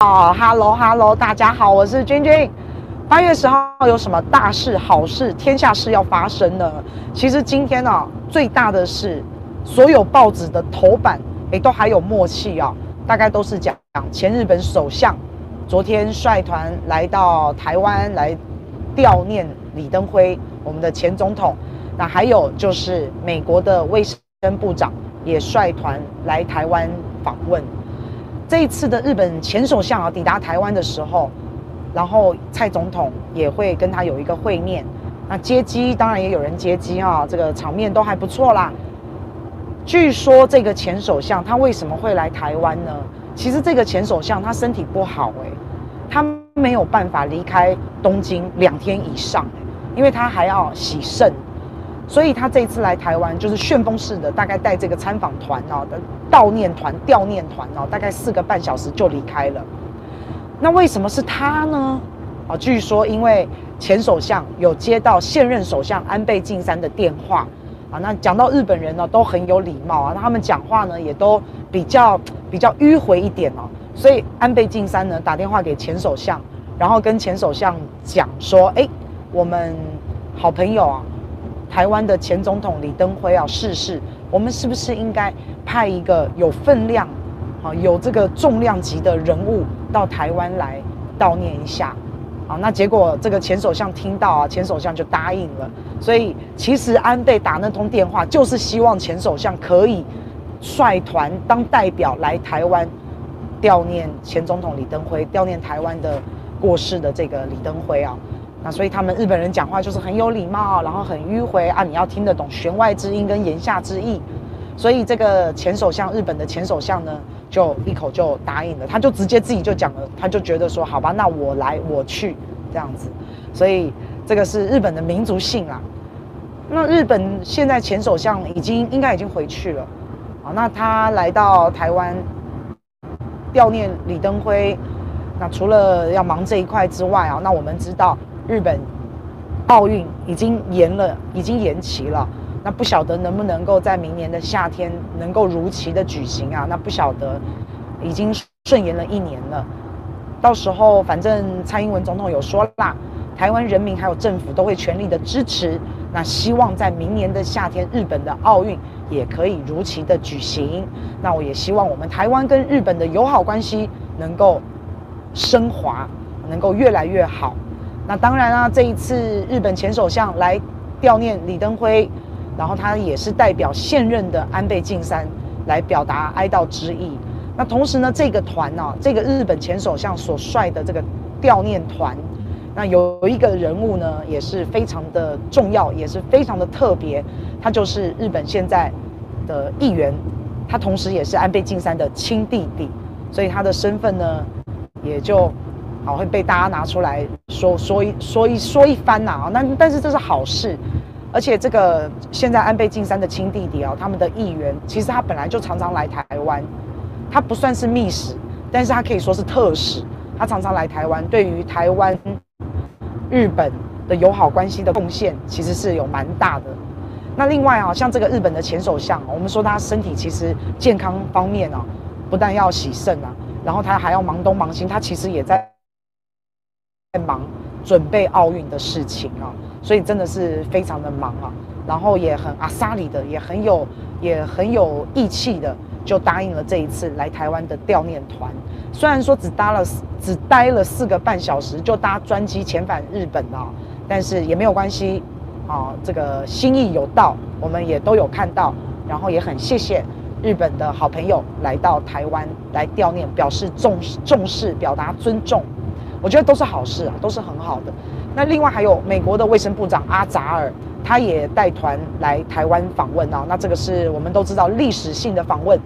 哈、oh, Hello Hello，大家好，我是鈞鈞。八月十號有什麼大事好事、天下事要發生呢？其實今天呢、啊，最大的是所有報紙的頭版，哎、欸，都還有默契啊。大概都是講前日本首相昨天率團來到台灣來悼念李登輝，我們的前總統。那還有就是美國的衛生部長也率團來台灣訪問。這一次的日本前首相啊，抵達台灣的時候，然後蔡總統也會跟他有一個會面。那接機當然也有人接機啊，這個場面都還不錯啦。據說這個前首相他為什麼會來台灣呢？其實這個前首相他身體不好哎、欸，他沒有辦法離開東京兩天以上，因為他還要洗腎。所以他這一次來台灣就是旋風式的，大概帶這個參訪團哦的悼念團、弔念團哦、啊，大概四個半小時就離開了。那為什麼是他呢？啊，據說因為前首相有接到現任首相安倍晉三的電話啊。那講到日本人呢、啊，都很有禮貌啊，那他們講話呢也都比較比較迂回一點哦、啊。所以安倍晉三呢打電話給前首相，然後跟前首相講說：“哎、欸，我們好朋友啊。”台灣的前總統李登輝要逝世，我們是不是應該派一個有分量，啊，有這個重量級的人物到台灣來悼念一下？啊，那結果這個前首相聽到啊，前首相就答應了。所以其實安倍打那通電話，就是希望前首相可以率團當代表來台灣悼念前總統李登輝，悼念台灣的過世的這個李登輝啊。那所以他們日本人講話就是很有禮貌，然後很迂回啊，你要聽得懂弦外之音跟言下之意。所以這個前首相，日本的前首相呢，就一口就答應了，他就直接自己就講了，他就覺得說好吧，那我來我去這樣子。所以這個是日本的民族性啦。那日本現在前首相已經應該已經回去了啊，那他來到台灣悼念李登輝。那除了要忙這一塊之外啊，那我們知道。日本奧運已經延了，已經延期了。那不曉得能不能夠在明年的夏天能夠如期的舉行啊？那不曉得，已經順延了一年了。到時候，反正蔡英文總統有說啦，台灣人民還有政府都會全力的支持。那希望在明年的夏天，日本的奧運也可以如期的舉行。那我也希望我們台灣跟日本的友好關係能夠升華，能夠越來越好。那當然啦、啊，這一次日本前首相來悼念李登輝，然後他也是代表現任的安倍晉三來表達哀悼之意。那同時呢，這個團哦、啊，這個日本前首相所率的這個悼念團，那有一個人物呢也是非常的重要，也是非常的特別，他就是日本現在的議員，他同時也是安倍晉三的親弟弟，所以他的身份呢也就。好、哦，會被大家拿出來說說一說一說一，說一番吶啊！哦、那但是這是好事，而且這個現在安倍晉三的親弟弟啊、哦，他們的議員，其實他本來就常常來台灣，他不算是密使，但是他可以說是特使，他常常來台灣，對於台灣日本的友好關係的貢獻，其實是有蠻大的。那另外啊、哦，像這個日本的前首相，我們說他身體其實健康方面啊、哦，不但要洗腎啊，然後他還要忙東忙西，他其實也在。在忙準備奧運的事情啊，所以真的是非常的忙啊，然後也很阿薩里的，也很有也很有義氣的，就答應了這一次來台灣的悼念團。雖然說只搭了只待了四個半小時，就搭專機遣返日本啊，但是也沒有關係啊。這個心意有到，我們也都有看到，然後也很謝謝日本的好朋友來到台灣來悼念，表示重重視，表達尊重。我覺得都是好事啊，都是很好的。那另外還有美國的衛生部長阿扎爾，他也帶團來台灣訪問啊。那這個是我們都知道歷史性的訪問，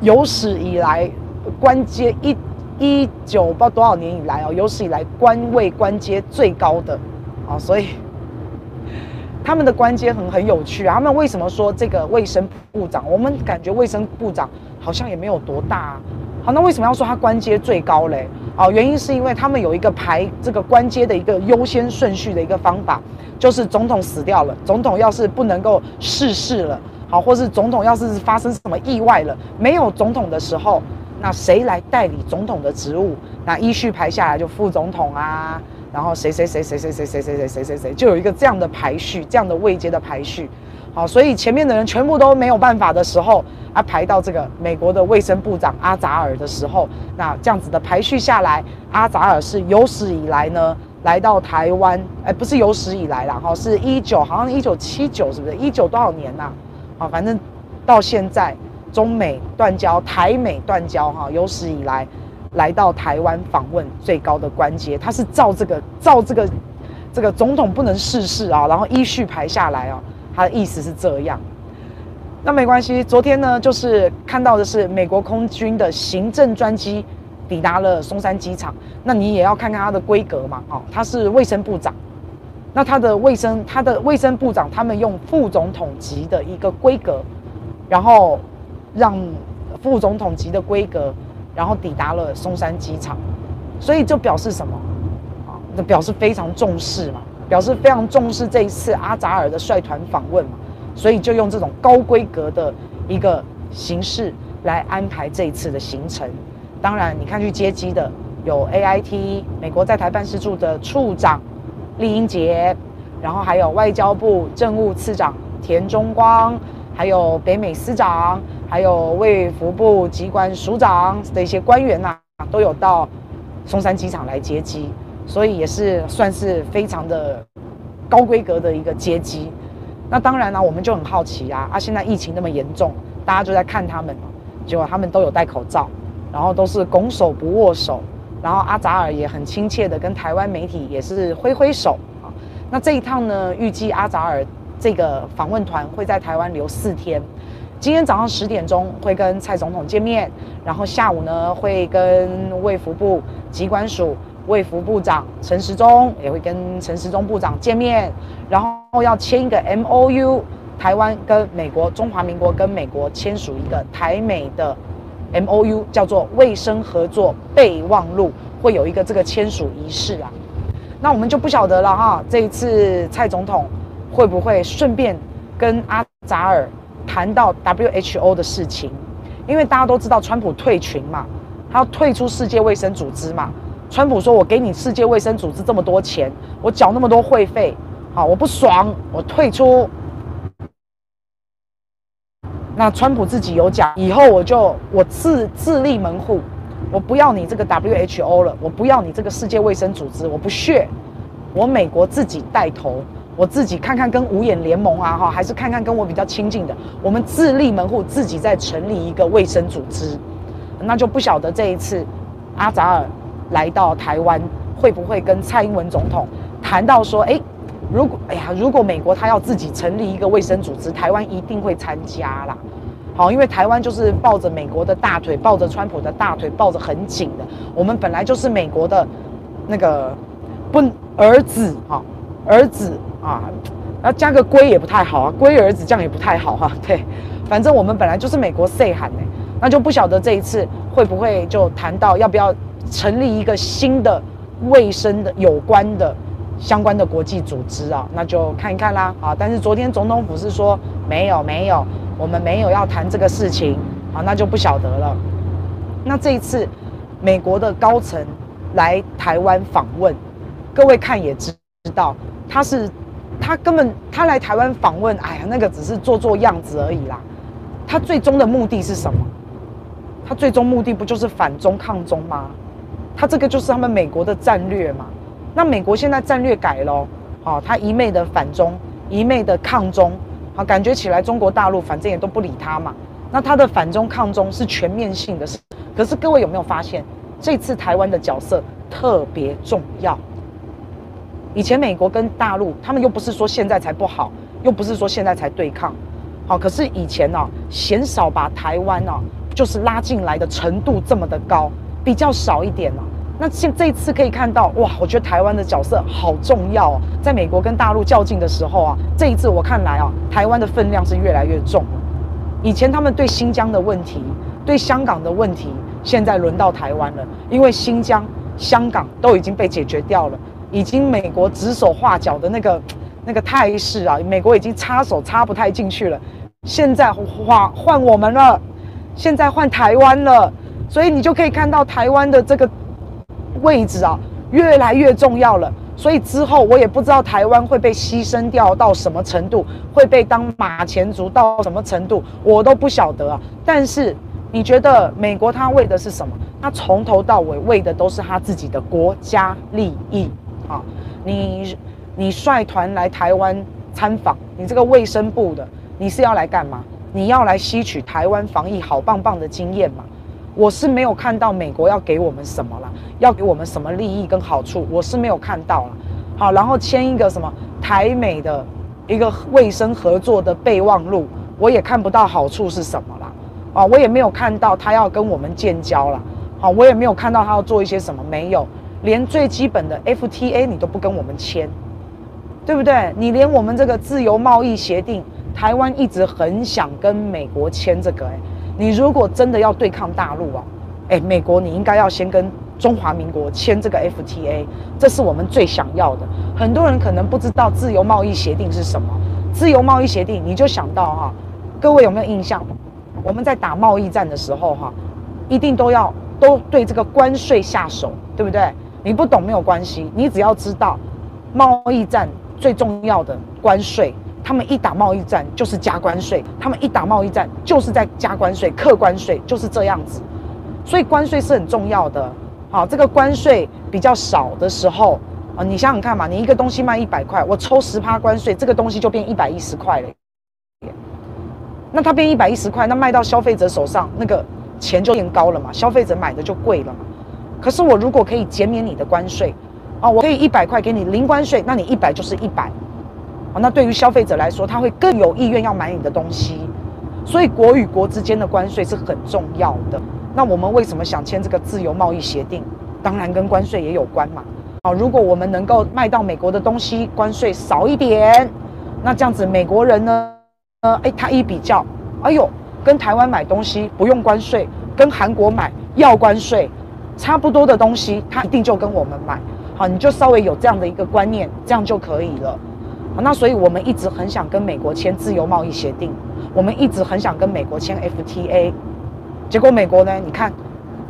有史以來官階一一九不知道多少年以來啊、哦，有史以來官位官階最高的啊、哦。所以他們的官階很很有趣啊。他們為什麼說這個衛生部長？我們感覺衛生部長好像也沒有多大、啊。好，那為什麼要說他官階最高嘞？好，原因是因為他們有一個排這個官階的一個優先順序的一個方法，就是總統死掉了，總統要是不能夠逝世了，好，或是總統要是發生什麼意外了，沒有總統的時候，那誰來代理總統的職務？那依序排下來就副總統啊，然後誰誰誰誰誰誰誰誰誰誰誰誰就有一個這樣的排序，這樣的位階的排序。好、哦，所以前面的人全部都沒有辦法的時候啊，排到這個美國的衛生部長阿扎爾的時候，那這樣子的排序下來，阿扎爾是有史以來呢來到台灣，哎、欸，不是有史以來啦，哦、是一九好像一九七九是不是？一九多少年吶、啊？啊、哦，反正到現在中美斷交，台美斷交哈、哦，有史以來來到台灣訪問最高的官階，他是照這個照這個這個總統不能逝世啊，然後依序排下來啊。哦他的意思是這樣，那沒關係。昨天呢，就是看到的是美國空軍的行政專機抵達了松山機場。那你也要看看它的規格嘛。哦，他是衛生部長，那他的衛生，他的衛生部長他們用副總統級的一個規格，然後讓副總統級的規格，然後抵達了松山機場。所以就表示什麼？啊、哦，就表示非常重視嘛。表示非常重視這一次阿扎爾的率團訪問嘛，所以就用這種高規格的一個形式來安排這一次的行程。當然，你看去接機的有 AIT 美國在台辦事處的處長酈英傑，然後還有外交部政務次長田中光，還有北美司長，還有衛福部機關署長的一些官員吶、啊，都有到松山機場來接機。所以也是算是非常的高規格的一個接機，那當然呢，我們就很好奇啊，啊，現在疫情那麼嚴重，大家就在看他們嘛，結果他們都有戴口罩，然後都是拱手不握手，然後阿扎爾也很親切的跟台灣媒體也是揮揮手啊。那這一趟呢，預計阿扎爾這個訪問團會在台灣留四天，今天早上十點鐘會跟蔡總統見面，然後下午呢會跟衛福部、疾管署。衛福部長陳時中也會跟陳時中部長見面，然後要簽一個 MOU，台灣跟美國，中華民國跟美國簽署一個台美的 MOU，叫做衛生合作備忘錄，會有一個這個簽署儀式啊。那我們就不曉得了哈。這一次蔡總統會不會順便跟阿扎爾談到 WHO 的事情？因為大家都知道川普退群嘛，他要退出世界衛生組織嘛。川普說：“我給你世界衛生組織這麼多錢，我繳那麼多會費，好，我不爽，我退出。”那川普自己有講，以後我就我自自立門戶，我不要你這個 WHO 了，我不要你這個世界衛生組織，我不屑。我美國自己帶頭，我自己看看跟五眼聯盟啊，哈，還是看看跟我比較親近的，我們自立門戶，自己再成立一個衛生組織。那就不曉得這一次，阿扎爾。來到台灣，會不會跟蔡英文總統談到說：“誒，如果哎呀，如果美國他要自己成立一個衛生組織，台灣一定會參加啦。”好，因為台灣就是抱着美國的大腿，抱着川普的大腿，抱着很緊的。我們本來就是美國的那個不兒子哈，兒子啊，要、啊、加個龜也不太好啊，龜兒子這樣也不太好哈、啊。對，反正我們本來就是美國 say 喊的、欸，那就不曉得這一次會不會就談到要不要。成立一個新的衛生的有關的相關的國際組織啊，那就看一看啦。啊，但是昨天總統府是說沒有沒有，我們沒有要談這個事情啊，那就不曉得了。那這一次美國的高層來台灣訪問，各位看也知道，他是他根本他來台灣訪問，哎呀，那個只是做做樣子而已啦。他最終的目的是什麼？他最終目的不就是反中抗中嗎？他這個就是他們美國的戰略嘛，那美國現在戰略改了，好，他一昧的反中，一昧的抗中，好，感覺起來中國大陸反正也都不理他嘛，那他的反中抗中是全面性的，可是各位有沒有發現，這次台灣的角色特別重要？以前美國跟大陸，他們又不是說現在才不好，又不是說現在才對抗，好，可是以前哦，鮮少把台灣啊，就是拉進來的程度這麼的高。比較少一點了啊，那現這一次可以看到哇，我覺得台灣的角色好重要啊，在美國跟大陸較勁的時候啊，這一次我看來啊，台灣的分量是越來越重了。以前他們對新疆的問題、對香港的問題，現在輪到台灣了。因為新疆、香港都已經被解決掉了，已經美國指手畫腳的那個那個態勢啊，美國已經插手插不太進去了。現在換換我們了，現在換台灣了。所以你就可以看到台灣的這個位置啊，越來越重要了。所以之後我也不知道台灣會被犧牲掉到什麼程度，會被當馬前卒到什麼程度，我都不曉得啊。但是你覺得美國他為的是什麼？他從頭到尾為，為的都是他自己的國家利益啊！你你率團來台灣參訪，你這個衛生部的，你是要來幹嘛？你要來吸取台灣防疫好棒棒的經驗嗎？我是沒有看到美國要給我們什麼了，要給我們什麼利益跟好處，我是沒有看到了。好，然後簽一個什麼台美的一個衛生合作的備忘錄，我也看不到好處是什麼了。啊，我也沒有看到他要跟我們建交了。好，我也沒有看到他要做一些什麼，沒有，連最基本的 FTA 你都不跟我們簽，對不對？你連我們這個自由貿易協定，台灣一直很想跟美國簽這個，欸，哎。你如果真的要對抗大陸啊，欸，美國你應該要先跟中華民國簽這個 FTA，這是我們最想要的。很多人可能不知道自由貿易協定是什麼，自由貿易協定你就想到哈，各位有沒有印象？我們在打貿易戰的時候哈，一定都要都對這個關稅下手，對不對？你不懂沒有關係，你只要知道，貿易戰最重要的關稅。他們一打貿易戰就是加關稅，他們一打貿易戰就是在加關稅，課關稅就是這樣子，所以關稅是很重要的。好，啊，這個關稅比較少的時候啊，你想想看嘛，你一個東西賣一百塊，我抽十趴關稅，這個東西就變一百一十塊了。那它變一百一十塊，那賣到消費者手上那個錢就變高了嘛，消費者買的就貴了嘛。可是我如果可以減免你的關稅，啊，我可以一百塊給你零關稅，那你一百就是一百。那對於消費者來說，他會更有意願要買你的東西，所以國與國之間的關稅是很重要的。那我們為什麼想簽這個自由貿易協定？當然跟關稅也有關嘛。好，如果我們能夠賣到美國的東西關稅少一點，那這樣子美國人呢？呃，哎，他一比較，哎呦，跟台灣買東西不用關稅，跟韓國買要關稅，差不多的東西他一定就跟我們買。好，你就稍微有這樣的一個觀念，這樣就可以了。那所以，我們一直很想跟美國簽自由貿易協定，我們一直很想跟美國簽 FTA。結果美國呢？你看，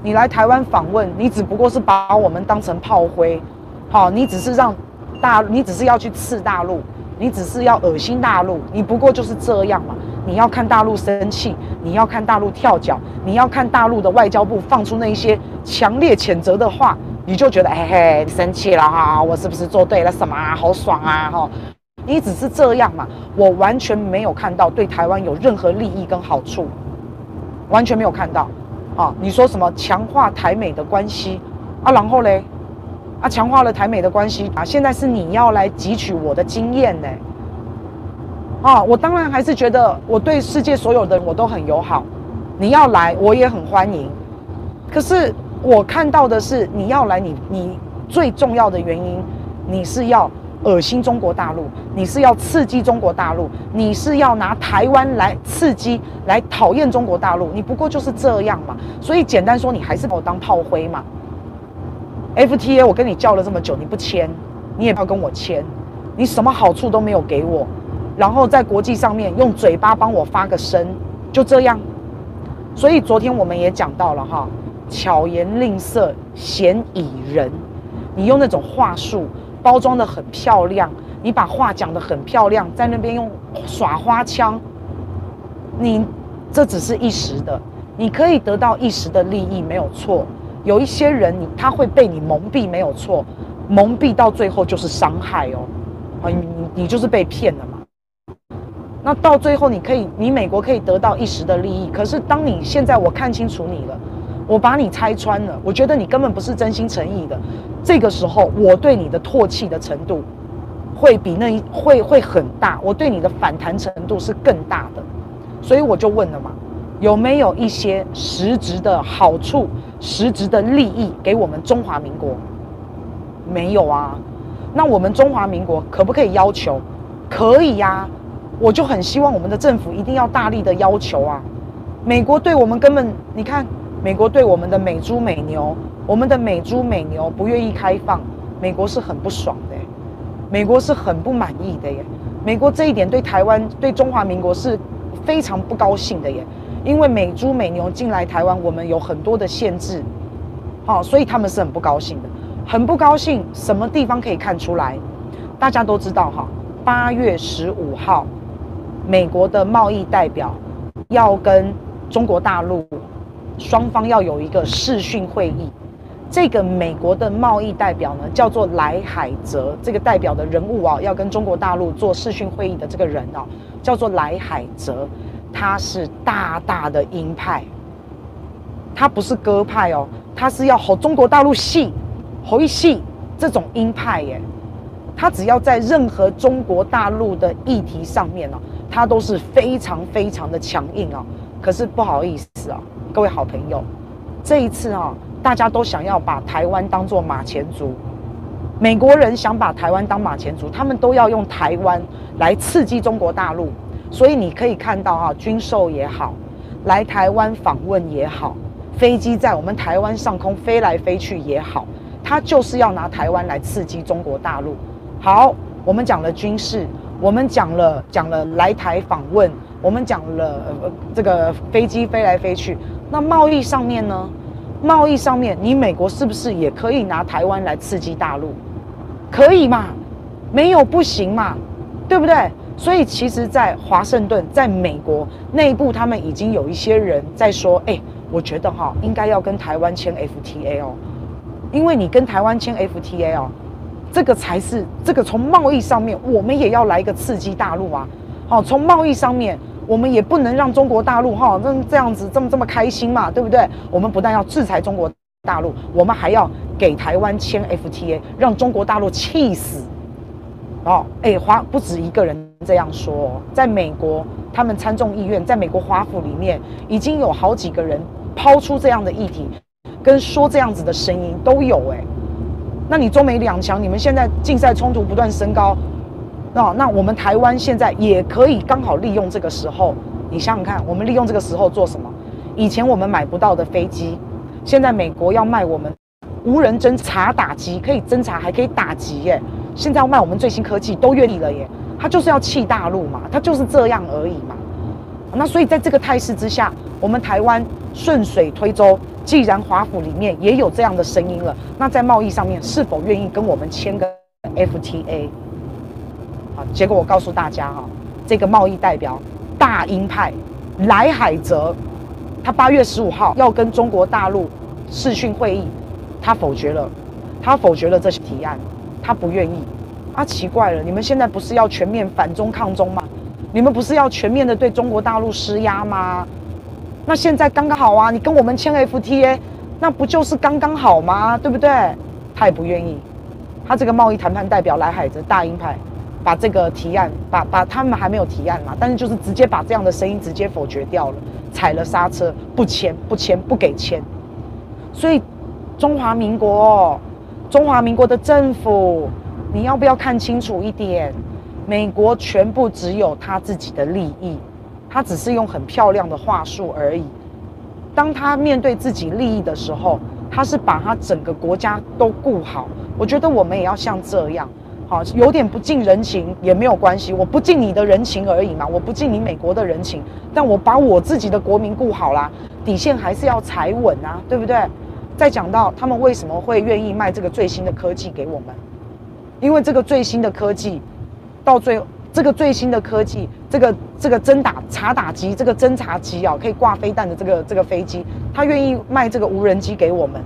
你來台灣訪問，你只不過是把我們當成炮灰，好、哦，你只是讓大，你只是要去刺大陸，你只是要噁心大陸，你不過就是這樣嘛。你要看大陸生氣，你要看大陸跳腳，你要看大陸的外交部放出那一些強烈譴責的話，你就覺得嘿、欸、嘿，你生氣了哈、啊，我是不是做對了什麼、啊？好爽啊哈！哦你只是這樣嘛。我完全沒有看到對台灣有任何利益跟好處，完全沒有看到。啊，你說什麼強化台美的關係？啊，然後嘞，啊，強化了台美的關係啊，現在是你要來汲取我的經驗呢？啊，我當然還是覺得我對世界所有的人，我都很友好，你要來我也很歡迎。可是我看到的是，你要來，你你最重要的原因，你是要。噁心中國大陸，你是要刺激中國大陸，你是要拿台灣來刺激，來討厭中國大陸，你不過就是這樣嘛。所以簡單說，你還是把我當炮灰嘛。FTA 我跟你叫了這麼久，你不簽，你也不要跟我簽，你什麼好處都沒有給我，然後在國際上面用嘴巴幫我發個聲，就這樣。所以昨天我們也講到了哈，巧言令色，鮮矣仁。你用那種話術。包裝得很漂亮，你把話講得很漂亮，在那邊用耍花槍，你這只是一時的，你可以得到一時的利益沒有錯。有一些人他會被你蒙蔽沒有錯，蒙蔽到最後就是傷害哦，啊你你你就是被騙了嘛。那到最後你可以，你美國可以得到一時的利益，可是當你現在我看清楚你了，我把你拆穿了，我覺得你根本不是真心誠意的。這個時候，我對你的唾棄的程度，會比那一會會很大。我對你的反彈程度是更大的，所以我就問了嘛：有沒有一些實質的好處、實質的利益給我們中華民國？沒有啊。那我們中華民國可不可以要求？可以呀、啊！我就很希望我們的政府一定要大力的要求啊！美國對我們根本，你看。美國對我們的美豬美牛，我們的美豬美牛不願意開放，美國是很不爽的，美國是很不滿意的耶。美國這一點對台灣、對中華民國是非常不高興的耶，因為美豬美牛進來台灣，我們有很多的限制，好、哦，所以他們是很不高興的，很不高興。什麼地方可以看出來？大家都知道哈，八月十五號，美國的貿易代表要跟中國大陸。雙方要有一個視訊會議，這個美國的貿易代表呢，叫做萊海澤。這個代表的人物啊，要跟中國大陸做視訊會議的這個人啊，叫做萊海澤，他是大大的鷹派，他不是鴿派哦，他是要吼中國大陸戲，吼一細這種鷹派耶。他只要在任何中國大陸的議題上面呢、啊，他都是非常非常的強硬哦、啊。可是不好意思啊，各位好朋友，這一次啊，大家都想要把台灣當作馬前卒。美國人想把台灣當馬前卒，他們都要用台灣來刺激中國大陸。所以你可以看到啊，軍售也好，來台灣訪問也好，飛機在我們台灣上空飛來飛去也好，他就是要拿台灣來刺激中國大陸。好，我們講了軍事，我們講了講了來台訪問。我們講了呃，這個飛機飛來飛去，那貿易上面呢？貿易上面，你美國是不是也可以拿台灣來刺激大陸？可以嘛？沒有不行嘛？對不對？所以其實，在華盛頓，在美國內部，他們已經有一些人在說：“哎，我覺得哈、哦，應該要跟台灣簽 FTA 哦，因為你跟台灣簽 FTA 哦，這個才是這個從貿易上面，我們也要來一個刺激大陸啊。”好，從貿易上面，我們也不能讓中國大陸哈，那這樣子這麼這麼開心嘛，對不對？我們不但要制裁中國大陸，我們還要給台灣簽 FTA，讓中國大陸氣死。哦，哎，華不止一個人這樣說，哦，在美國，他們參眾議院，在美國華府裡面已經有好幾個人拋出這樣的議題，跟說這樣子的聲音都有，欸。哎，那你中美兩強，你們現在競賽衝突不斷升高。那、哦、那我們台灣現在也可以剛好利用這個時候，你想想看，我們利用這個時候做什麼？以前我們買不到的飛機，現在美國要賣我們無人偵察打擊，可以偵察還可以打擊耶。現在要賣我們最新科技，都願意了耶。他就是要氣大陸嘛，他就是這樣而已嘛。那所以在這個態勢之下，我們台灣順水推舟，既然華府裡面也有這樣的聲音了，那在貿易上面是否願意跟我們簽個 FTA？結果我告訴大家哈，這個貿易代表大鷹派萊海澤，他八月十五號要跟中國大陸視訊會議，他否決了，他否決了這些提案，他不願意。啊，奇怪了，你們現在不是要全面反中抗中嗎？你們不是要全面的對中國大陸施壓嗎？那現在剛剛好啊，你跟我們簽 FTA，那不就是剛剛好嗎？對不對？他也不願意，他這個貿易談判代表萊海澤大鷹派。把這個提案，把把他們還沒有提案嘛，但是就是直接把這樣的聲音直接否決掉了，踩了剎車，不簽不簽不給簽。所以中華民國，中華民國的政府，你要不要看清楚一點？美國全部只有他自己的利益，他只是用很漂亮的話術而已。當他面對自己利益的時候，他是把他整個國家都顧好。我覺得我們也要像這樣。好，有點不近人情也沒有關係，我不近你的人情而已嘛，我不近你美國的人情，但我把我自己的國民顧好啦，底線還是要踩穩啊，對不對？再講到他們為什麼會願意賣這個最新的科技給我們，因為這個最新的科技，到最這個最新的科技，這個這個偵打查打機，這個偵察機啊，可以掛飛彈的這個這個飛機，他願意賣這個無人機給我們，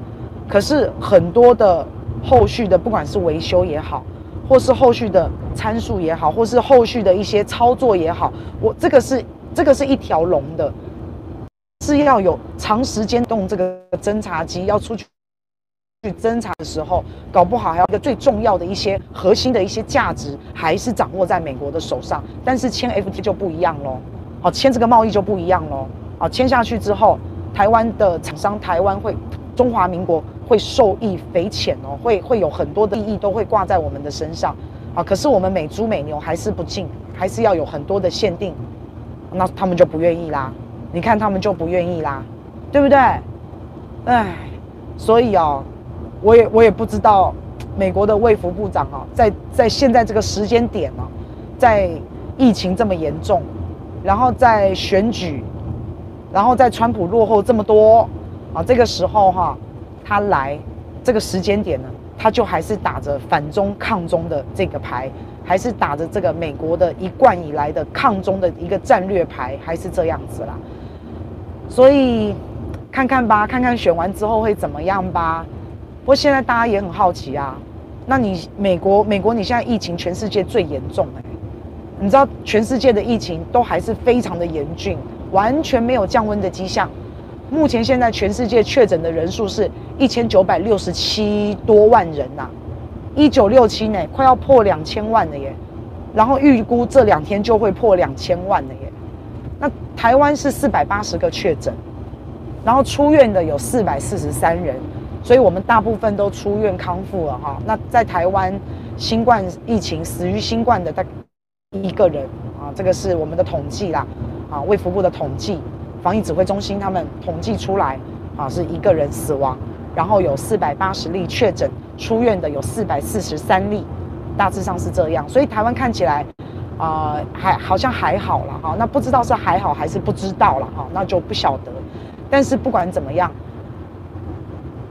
可是很多的後續的不管是維修也好。或是後續的參數也好，或是後續的一些操作也好，我這個是這個是一條龍的，是要有長時間用這個偵察機要出去去偵察的時候，搞不好還要有一個最重要的一些核心的一些價值還是掌握在美國的手上，但是簽 FT 就不一樣嘍，好，簽這個貿易就不一樣嘍，好，簽下去之後，台灣的廠商台灣會中華民國。會受益匪淺哦，會會有很多的利益都會掛在我們的身上啊。可是我們美豬美牛還是不進，還是要有很多的限定，那他們就不願意啦。你看他們就不願意啦，對不對？唉，所以哦，我也我也不知道美國的衛福部長啊，在在現在這個時間點啊，在疫情這麼嚴重，然後在選舉，然後在川普落後這麼多啊，這個時候哈、啊。他來這個時間點呢，他就還是打着反中抗中的這個牌，還是打着這個美國的一貫以來的抗中的一個戰略牌，還是這樣子啦。所以看看吧，看看選完之後會怎麼樣吧。不過現在大家也很好奇啊，那你美國，美國你現在疫情全世界最嚴重哎、欸，你知道全世界的疫情都還是非常的嚴峻，完全沒有降溫的跡象。目前現在全世界確診的人數是一千九百六十七多萬人吶，一九六七呢，快要破兩千萬了耶，然後預估這兩天就會破兩千萬了耶。那台灣是四百八十個確診，然後出院的有四百四十三人，所以我們大部分都出院康復了哈、啊。那在台灣新冠疫情死於新冠的大概一個人啊，這個是我們的統計啦，啊，衛福部的統計。防疫指揮中心他們統計出來，啊，是一個人死亡，然後有四百八十例確診，出院的有四百四十三例，大致上是這樣。所以台灣看起來，啊、呃，還好像還好了哈。那不知道是還好還是不知道了哈，那就不曉得。但是不管怎麼樣，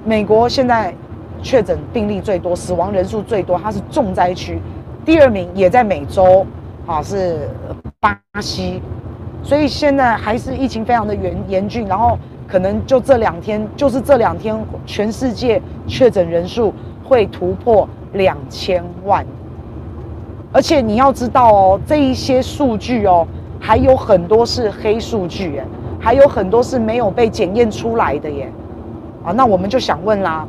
美國現在確診病例最多，死亡人數最多，它是重災區。第二名也在美洲，啊，是巴西。所以現在還是疫情非常的嚴嚴峻，然後可能就這兩天，就是這兩天，全世界確診人數會突破兩千萬。而且你要知道哦，這一些數據哦，還有很多是黑數據耶，還有很多是沒有被檢驗出來的耶。啊，那我們就想問啦，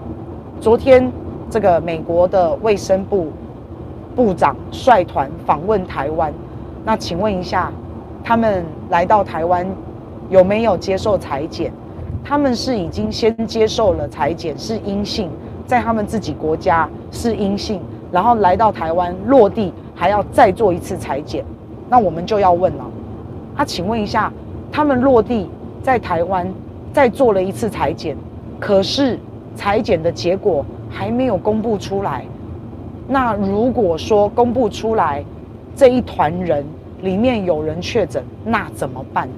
昨天這個美國的衛生部部長率團訪問台灣，那請問一下。他們來到台灣有沒有接受採檢？他們是已經先接受了採檢，是陰性，在他們自己國家是陰性，然後來到台灣落地還要再做一次採檢，那我們就要問了。那、啊、請問一下，他們落地在台灣再做了一次採檢，可是採檢的結果還沒有公布出來。那如果說公布出來，這一團人。裡面有人確診，那怎麼辦？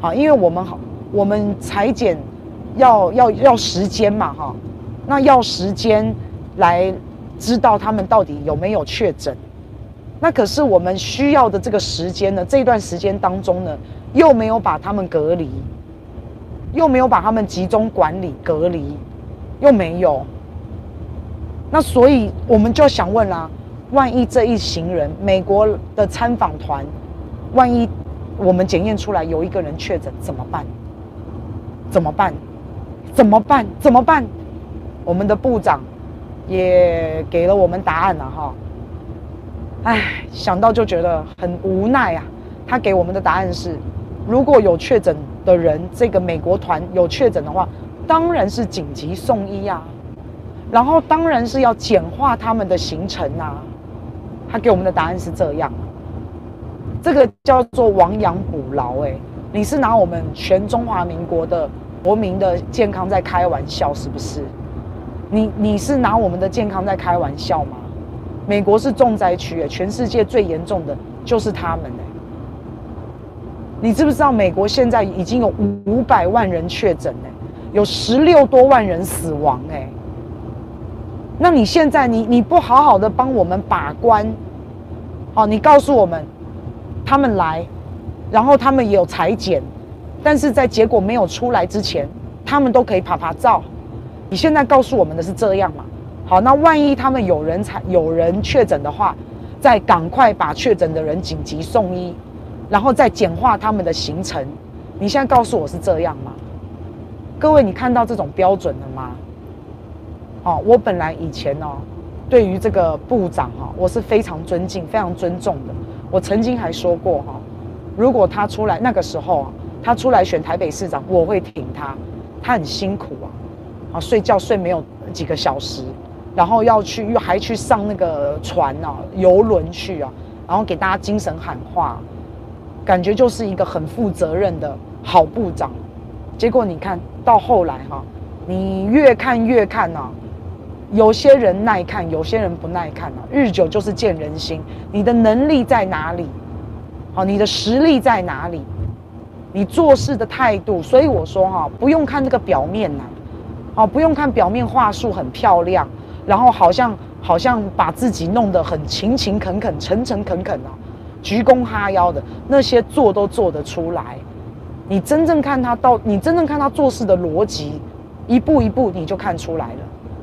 好，因為我們好，我們採檢，要要要時間嘛，哈，那要時間來知道他們到底有沒有確診。那可是我們需要的這個時間呢？這段時間當中呢，又沒有把他們隔離，又沒有把他們集中管理隔離，又沒有。那所以我們就想問啦、啊：萬一這一行人，美國的參訪團？萬一我們檢驗出來有一個人確診怎麼辦？怎麼辦？怎麼辦？怎麼辦？我們的部長也給了我們答案了哈。唉，想到就覺得很無奈啊。他給我們的答案是：如果有確診的人，這個美國團有確診的話，當然是緊急送醫呀。然後當然是要簡化他們的行程吶。他給我們的答案是這樣。這個叫做亡羊補牢，哎，你是拿我們全中華民國的國民的健康在開玩笑，是不是？你你是拿我們的健康在開玩笑嗎？美國是重災區，哎，全世界最嚴重的就是他們，欸，哎，你知不知道美國現在已經有五百萬人確診，哎，有十六多萬人死亡，欸，哎，那你現在你你不好好的幫我們把關，好，你告訴我們。他們來，然後他們也有採檢，但是在結果沒有出來之前，他們都可以趴趴走。你現在告訴我們的是這樣嗎？好，那萬一他們有人有人確診的話，再趕快把確診的人緊急送醫，然後再簡化他們的行程。你現在告訴我是這樣嗎？各位，你看到這種標準了嗎？哦，我本來以前哦，對於這個部長哈、哦，我是非常尊敬、非常尊重的。我曾經還說過哈、啊，如果他出來那個時候、啊，他出來選台北市長，我會挺他。他很辛苦啊，啊，睡覺睡沒有幾個小時，然後要去又還去上那個船吶、啊，遊輪去啊，然後給大家精神喊話，感覺就是一個很負責任的好部長。結果你看到後來哈、啊，你越看越看吶、啊。有些人耐看，有些人不耐看啊。日久就是見人心，你的能力在哪裡？好，你的實力在哪裡？你做事的態度。所以我說哈，啊，不用看這個表面吶，哦，不用看表面話術很漂亮，然後好像好像把自己弄得很勤勤懇懇、誠誠懇懇啊，鞠躬哈腰的那些做都做得出來。你真正看他到，你真正看他做事的邏輯，一步一步你就看出來了。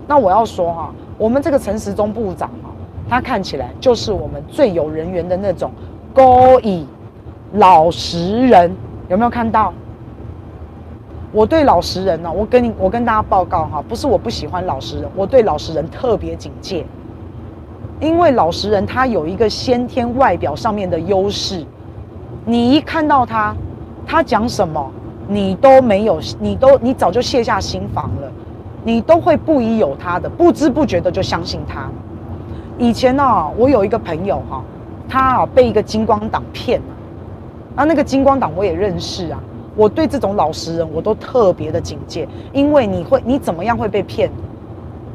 那我要說哈、啊，我們這個陳時中部長啊，他看起來就是我們最有人緣的那種古意老實人，有沒有看到？我對老實人呢、啊，我跟你我跟大家報告哈、啊，不是我不喜歡老實人，我對老實人特別警戒，因為老實人他有一個先天外表上面的優勢，你一看到他，他講什麼，你都沒有，你都你早就卸下心防了。你都會不疑有他的，不知不覺的就相信他。以前呢、哦，我有一個朋友哈、哦，他、哦、被一個金光黨騙了，那個金光黨我也認識啊。我對這種老實人我都特別的警戒，因為你會你怎麼樣會被騙？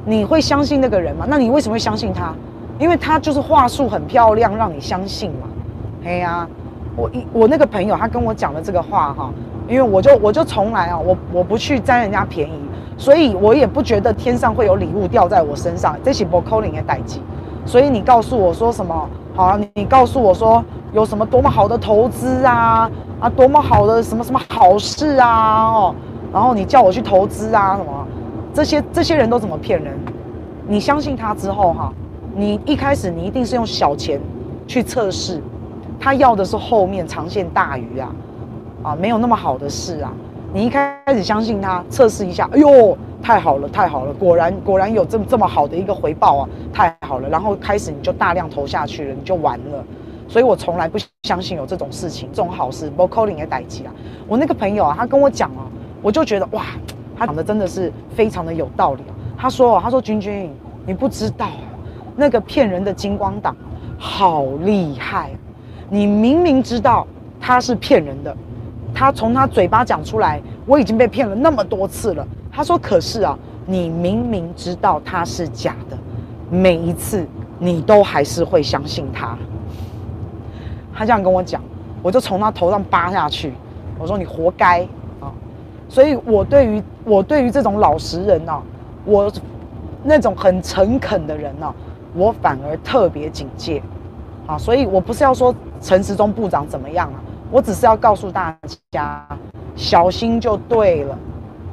你會相信那個人嗎？那你為什麼會相信他？因為他就是話術很漂亮，讓你相信嘛。哎呀、啊，我一我那個朋友他跟我講了這個話哈、哦，因為我就我就從來啊、哦，我我不去占人家便宜。所以我也不覺得天上會有禮物掉在我身上，這是無可能的代誌。所以你告訴我說什麼好、啊？你告訴我說有什麼多麼好的投資啊？啊，多麼好的什麼什麼好事啊？哦，然後你叫我去投資啊？什麼？這些這些人都怎麼騙人？你相信他之後哈、啊，你一開始你一定是用小錢去測試，他要的是後面長線大魚啊，啊，沒有那麼好的事啊。你一開始相信他，測試一下，哎呦，太好了，太好了，果然果然有這麼這麼好的一個回報啊，太好了。然後開始你就大量投下去了，你就完了。所以我從來不相信有這種事情，這種好事。coding 也逮急啊。我那個朋友啊，他跟我講啊，我就覺得哇，他講的真的是非常的有道理啊。他說，他說鈞鈞，你不知道那個騙人的金光黨好厲害，你明明知道他是騙人的。他從他嘴巴講出來，我已經被騙了那麼多次了。他說：“可是啊，你明明知道他是假的，每一次你都還是會相信他。”他這樣跟我講，我就從他頭上扒下去。我說：“你活該啊！”所以，我對於我對於這種老實人呢、啊，我那種很誠懇的人呢、啊，我反而特別警戒。啊，所以我不是要說陳時中部長怎麼樣啊？我只是要告訴大家，小心就對了。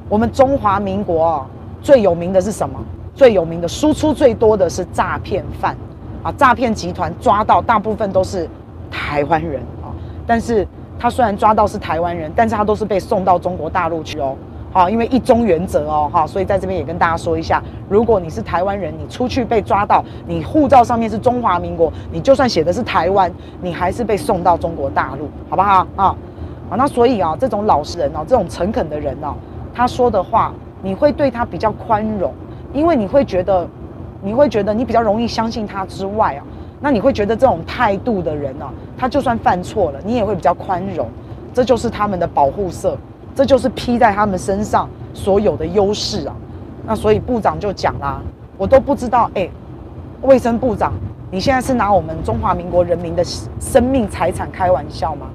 我們中華民國啊，最有名的是什麼？最有名的輸出最多的是詐騙犯啊！詐騙集團抓到大部分都是台灣人啊，但是他雖然抓到是台灣人，但是他都是被送到中國大陸去哦。好、啊，因為一中原則哦，哈、啊，所以在這邊也跟大家說一下，如果你是台灣人，你出去被抓到，你護照上面是中華民國，你就算寫的是台灣，你還是被送到中國大陸，好不好？啊，啊，那所以啊，這種老實人哦、啊，這種誠懇的人哦、啊，他說的話，你會對他比較寬容，因為你會覺得，你會覺得你比較容易相信他之外啊，那你會覺得這種態度的人哦、啊，他就算犯錯了，你也會比較寬容，這就是他們的保護色。這就是披在他們身上所有的優勢啊，那所以部長就講啦，我都不知道，哎，衛生部長，你現在是拿我們中華民國人民的生命財產開玩笑嗎？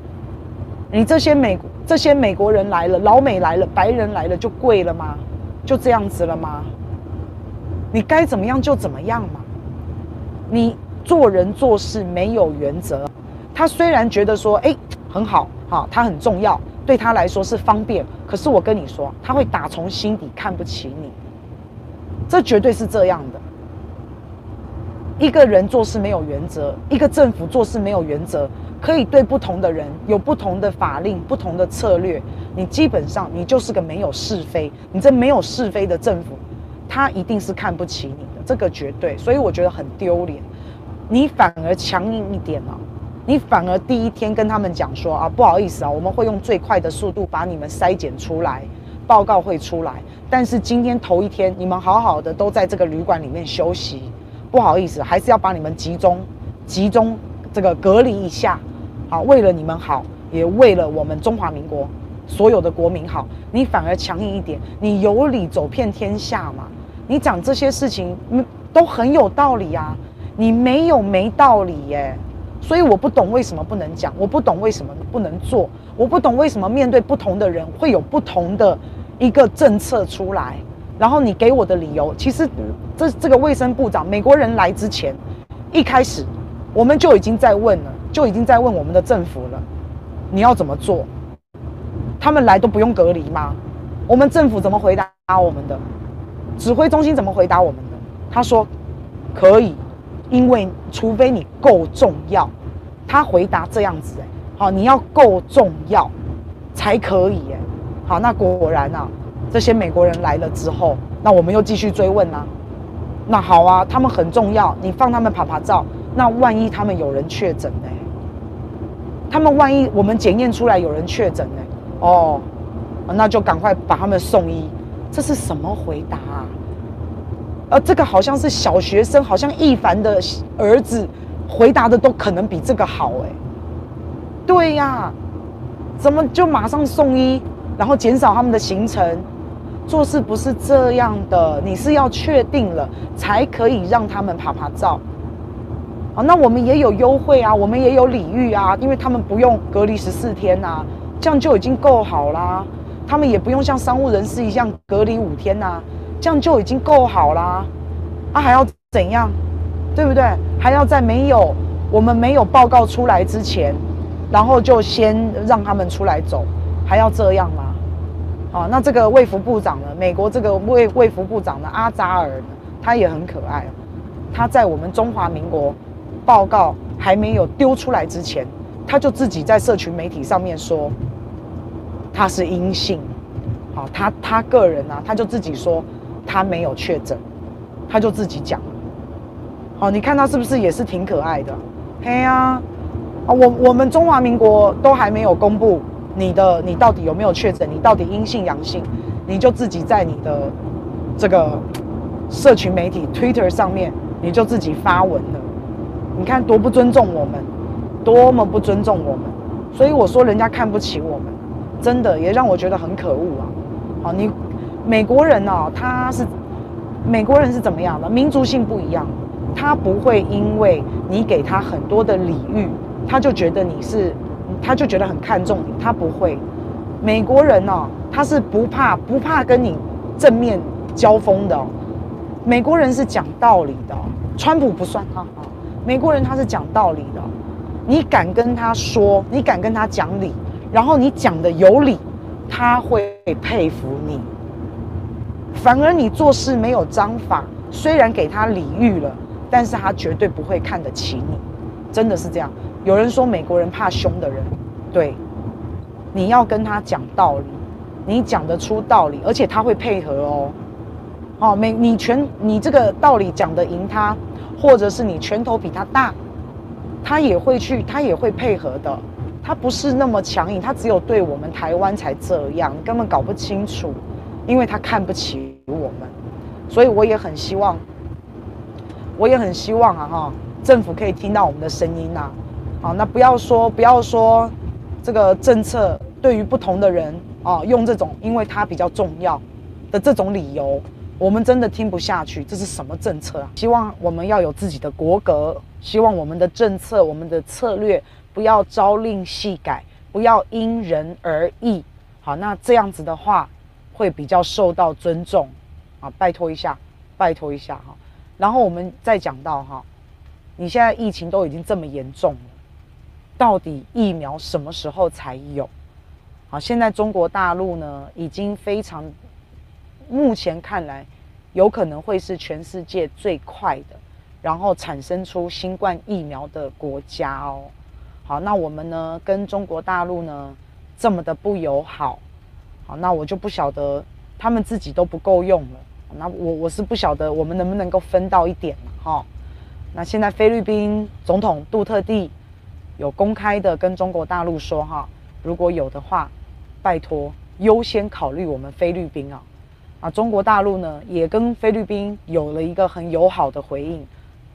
你這些美這些美國人來了，老美來了，白人來了就貴了嗎？就這樣子了嗎？你該怎麼樣就怎麼樣嘛，你做人做事沒有原則。他雖然覺得說，哎，很好哈，他很重要。對他來說是方便，可是我跟你說，他會打從心底看不起你，這絕對是這樣的。一個人做事沒有原則，一個政府做事沒有原則，可以對不同的人有不同的法令、不同的策略。你基本上你就是個沒有是非，你這沒有是非的政府，他一定是看不起你的，這個絕對。所以我覺得很丟臉，你反而強硬一點了啊。你反而第一天跟他們講說啊，不好意思啊，我們會用最快的速度把你們篩檢出來，報告會出來。但是今天頭一天，你們好好的都在這個旅館裡面休息，不好意思，還是要把你們集中、集中這個隔離一下，好、啊，為了你們好，也為了我們中華民國所有的國民好。你反而強硬一點，你有理走遍天下嘛，你講這些事情都都很有道理啊，你沒有沒道理耶、欸。所以我不懂為什麼不能講，我不懂為什麼不能做，我不懂為什麼面對不同的人會有不同的一個政策出來。然後你給我的理由，其實這這個衛生部長美國人來之前，一開始我們就已經在問了，就已經在問我們的政府了，你要怎麼做？他們來都不用隔離嗎？我們政府怎麼回答我們的？指揮中心怎麼回答我們的？他說，可以。因為除非你夠重要，他回答這樣子哎，好，你要夠重要才可以哎，好，那果然啊，這些美國人來了之後，那我們又繼續追問吶，那好啊，他們很重要，你放他們趴趴照，那萬一他們有人確診呢？他們萬一我們檢驗出來有人確診呢？哦，那就趕快把他們送醫，這是什麼回答啊？呃，這個好像是小學生，好像易凡的兒子回答的都可能比這個好哎。對呀，怎麼就馬上送醫，然後減少他們的行程？做事不是這樣的，你是要確定了才可以讓他們爬爬照。啊，那我們也有優惠啊，我們也有禮遇啊，因為他們不用隔離十四天吶、啊，這樣就已經夠好啦。他們也不用像商務人士一樣隔離五天吶、啊。這樣就已經夠好啦，啊，啊，還要怎樣，對不對？還要在沒有我們沒有報告出來之前，然後就先讓他們出來走，還要這樣嗎？啊，那這個衛福部長呢？美國這個衛衛福部長呢？阿扎爾他也很可愛，他在我們中華民國報告還沒有丟出來之前，他就自己在社群媒體上面說他是陰性，好，啊，他他個人啊，他就自己說。他沒有確診，他就自己講了。好、哦，你看他是不是也是挺可愛的？嘿呀、啊，我我們中華民國都還沒有公布你的，你到底有沒有確診？你到底陰性陽性？你就自己在你的這個社群媒體 Twitter 上面，你就自己發文了。你看多不尊重我們，多麼不尊重我們！所以我說，人家看不起我們，真的也讓我覺得很可惡啊！好、哦，你。美國人哦，他是，美國人是怎麼樣的？民族性不一樣，他不會因為你給他很多的禮遇，他就覺得你是，他就覺得很看重你，他不會。美國人哦，他是不怕不怕跟你正面交鋒的喔。美國人是講道理的喔，川普不算啊。美國人他是講道理的喔，你敢跟他說，你敢跟他講理，然後你講的有理，他會佩服你。反而你做事沒有章法，雖然給他禮遇了，但是他絕對不會看得起你，真的是這樣。有人說美國人怕凶的人，對，你要跟他講道理，你講得出道理，而且他會配合哦。好、哦，每你拳你這個道理講得贏他，或者是你拳頭比他大，他也會去，他也會配合的。他不是那麼強硬，他只有對我們台灣才這樣，根本搞不清楚。因為他看不起我們，所以我也很希望，我也很希望啊哈，政府可以聽到我們的聲音吶、啊，好，那不要說不要說，這個政策對於不同的人啊，用這種因為它比較重要的這種理由，我們真的聽不下去，這是什麼政策啊？希望我們要有自己的國格，希望我們的政策、我們的策略不要朝令夕改，不要因人而異。好，那這樣子的話。會比較受到尊重，啊，拜託一下，拜託一下哈。然後我們再講到哈，你現在疫情都已經這麼嚴重了，到底疫苗什麼時候才有？好，現在中國大陸呢已經非常，目前看來有可能會是全世界最快的，然後產生出新冠疫苗的國家哦。好，那我們呢跟中國大陸呢這麼的不友好。好，那我就不曉得他們自己都不夠用了，那我我是不曉得我們能不能夠分到一點哈、哦。那現在菲律賓總統杜特蒂有公開的跟中國大陸說哈、哦，如果有的話，拜託優先考慮我們菲律賓啊、哦。啊，中國大陸呢也跟菲律賓有了一個很友好的回應，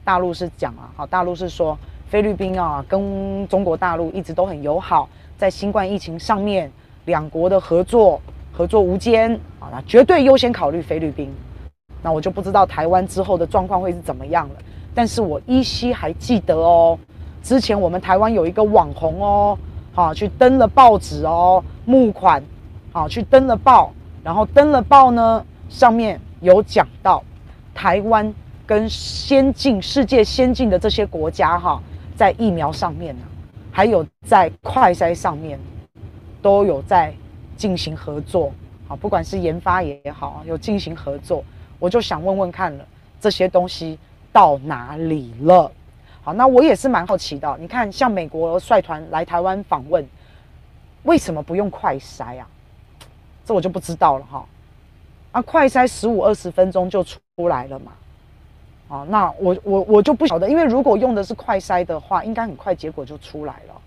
大陸是講了、啊，好、哦，大陸是說菲律賓啊跟中國大陸一直都很友好，在新冠疫情上面，兩國的合作，合作無間啊！那絕對優先考慮菲律賓。那我就不知道台灣之後的狀況會是怎麼樣了。但是我依稀還記得哦，之前我們台灣有一個網紅哦，啊，去登了報紙哦，募款啊，去登了報，然後登了報呢，上面有講到台灣跟先進世界先進的這些國家哈，啊，在疫苗上面呢，啊，還有在快篩上面。都有在進行合作，好，不管是研發也好，有進行合作，我就想問問看了這些東西到哪裡了？好，那我也是蠻好奇的。你看，像美國率團來台灣訪問，為什麼不用快篩啊？這我就不知道了哈。啊，快篩十五二十分鐘就出來了嘛？哦，那我我我就不曉得，因為如果用的是快篩的話，應該很快結果就出來了。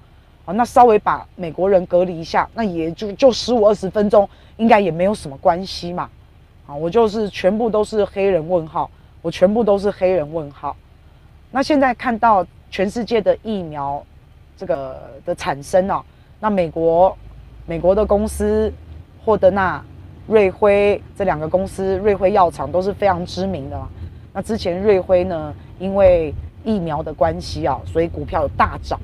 哦，那稍微把美國人隔離一下，那也就就十五二十分鐘，應該也沒有什麼關係嘛。啊，我就是全部都是黑人問號，我全部都是黑人問號。那現在看到全世界的疫苗，這個的產生哦、啊，那美國，美國的公司莫德納、得那瑞輝這兩個公司，瑞輝藥廠都是非常知名的嘛。那之前瑞輝呢，因為疫苗的關係啊，所以股票有大漲。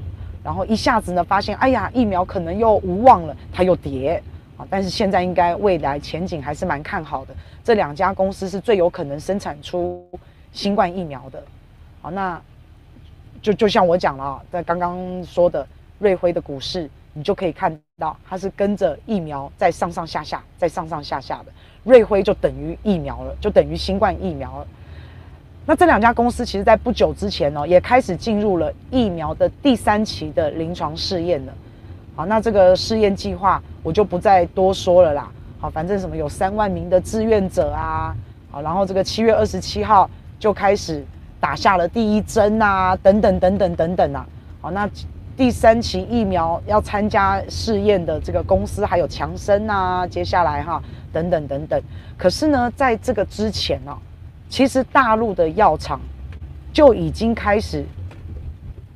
然後一下子呢，發現哎呀，疫苗可能又無望了，它又跌啊！但是現在應該未來前景還是蠻看好的，這兩家公司是最有可能生產出新冠疫苗的。好，那就就像我講了，在剛剛說的瑞輝的股市，你就可以看到它是跟着疫苗在上上下下，在上上下下的。瑞輝就等於疫苗了，就等於新冠疫苗了。那這兩家公司其實在不久之前呢、哦，也開始進入了疫苗的第三期的臨床試驗了，啊，那這個試驗計劃我就不再多說了啦，好，反正什麼有三萬名的志願者啊，好，然後這個七月二十七號就開始打下了第一針啊，等等等等等等啊，好，那第三期疫苗要參加試驗的這個公司還有強生啊，接下來哈，等等等等，可是呢，在這個之前呢、啊。其實大陸的藥廠就已經開始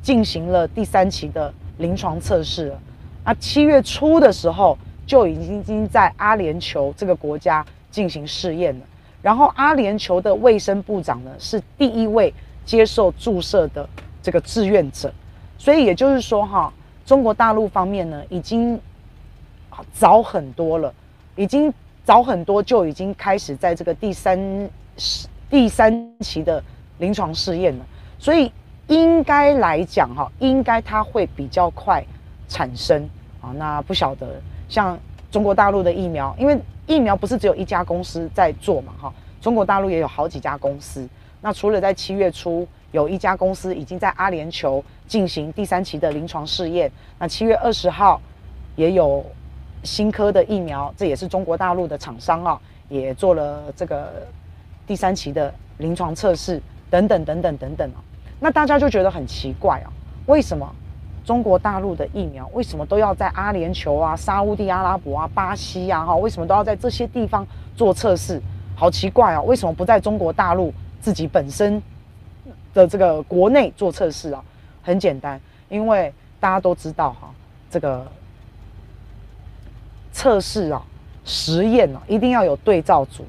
進行了第三期的臨床測試了。啊，七月初的時候就已經在阿聯酋這個國家進行試驗了。然後阿聯酋的衛生部長呢是第一位接受注射的這個志願者。所以也就是說，哈，中國大陸方面呢已經早很多了，已經早很多就已經開始在這個第三十。第三期的臨床試驗了，所以應該來講哈，應該它會比較快產生啊、喔。那不曉得像中國大陸的疫苗，因為疫苗不是只有一家公司在做嘛哈、喔，中國大陸也有好幾家公司。那除了在七月初有一家公司已經在阿聯酋進行第三期的臨床試驗，那七月二十號也有新科的疫苗，這也是中國大陸的廠商啊、喔，也做了這個。第三期的臨床測試等等等等等等、啊、那大家就覺得很奇怪啊，為什麼中國大陸的疫苗為什麼都要在阿聯酋啊、沙烏地阿拉伯啊、巴西啊哈、啊，為什麼都要在這些地方做測試？好奇怪啊，為什麼不在中國大陸自己本身的這個國內做測試啊？很簡單，因為大家都知道哈、啊，這個測試啊、實驗啊，一定要有對照組。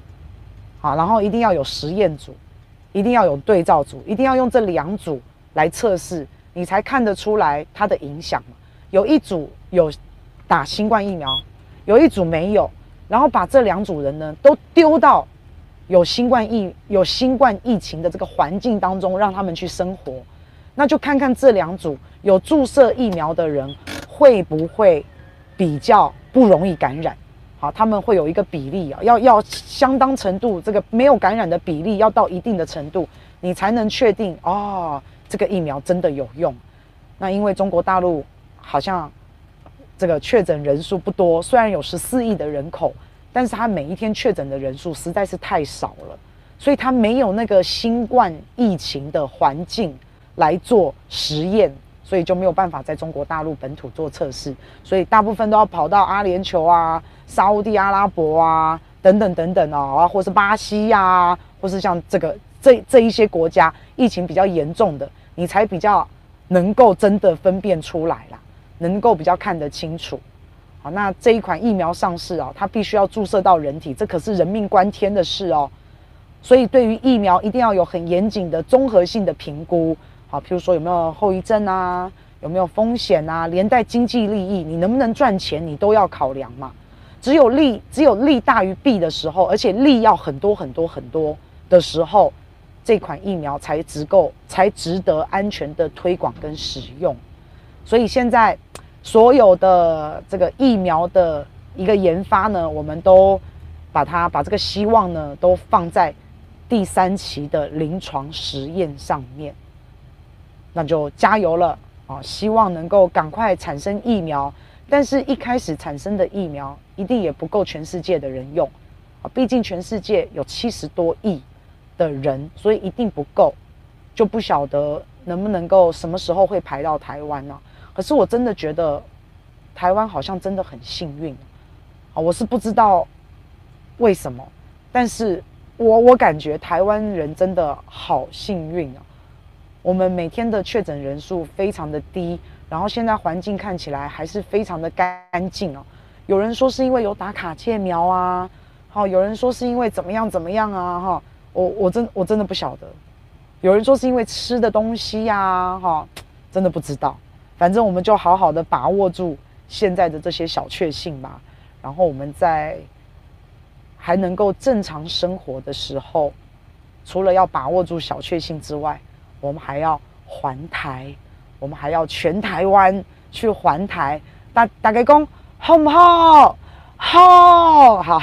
然後一定要有實驗組，一定要有對照組，一定要用這兩組來測試，你才看得出來它的影響嘛。有一組有打新冠疫苗，有一組沒有，然後把這兩組人呢都丟到有新冠疫有新冠疫情的這個環境當中，讓他們去生活，那就看看這兩組有注射疫苗的人會不會比較不容易感染。好，他們會有一個比例啊，要要相當程度，這個沒有感染的比例要到一定的程度，你才能確定哦，這個疫苗真的有用。那因為中國大陸好像這個確診人數不多，雖然有十四億的人口，但是他每一天確診的人數實在是太少了，所以他沒有那個新冠疫情的環境來做實驗。所以就沒有辦法在中國大陸本土做測試，所以大部分都要跑到阿聯酋啊、沙烏地、阿拉伯啊等等等等哦、喔，或是巴西呀、啊，或是像這個這這一些國家疫情比較嚴重的，你才比較能夠真的分辨出來啦，能夠比較看得清楚。好，那這一款疫苗上市哦、喔，它必須要注射到人體，這可是人命關天的事哦、喔。所以對於疫苗一定要有很嚴謹的綜合性的評估。好，譬如說有沒有後遺症啊？有沒有風險啊？連帶經濟利益，你能不能賺錢？你都要考量嘛。只有利，只有利大於弊的時候，而且利要很多很多很多的時候，這款疫苗才足夠，才值得安全的推廣跟使用。所以現在所有的這個疫苗的一個研發呢，我們都把它把這個希望呢，都放在第三期的臨床實驗上面。那就加油了啊！希望能夠趕快產生疫苗，但是，一開始產生的疫苗一定也不夠全世界的人用啊！畢竟全世界有七十多億的人，所以一定不夠，就不曉得能不能夠什麼時候會排到台灣呢、啊？可是我真的覺得台灣好像真的很幸運啊！我是不知道為什麼，但是我我感覺台灣人真的好幸運啊！我們每天的確診人數非常的低，然後現在環境看起來還是非常的乾淨哦。有人說是因為有打卡介苗啊，好、哦，有人說是因為怎麼樣怎麼樣啊，哈、哦，我我真我真的不曉得。有人說是因為吃的東西呀、啊，哈、哦，真的不知道。反正我們就好好的把握住現在的這些小確幸吧，然後我們在還能夠正常生活的時候，除了要把握住小確幸之外，我們還要環台，我們還要全台灣去環台，打打個工，好不好？好，好。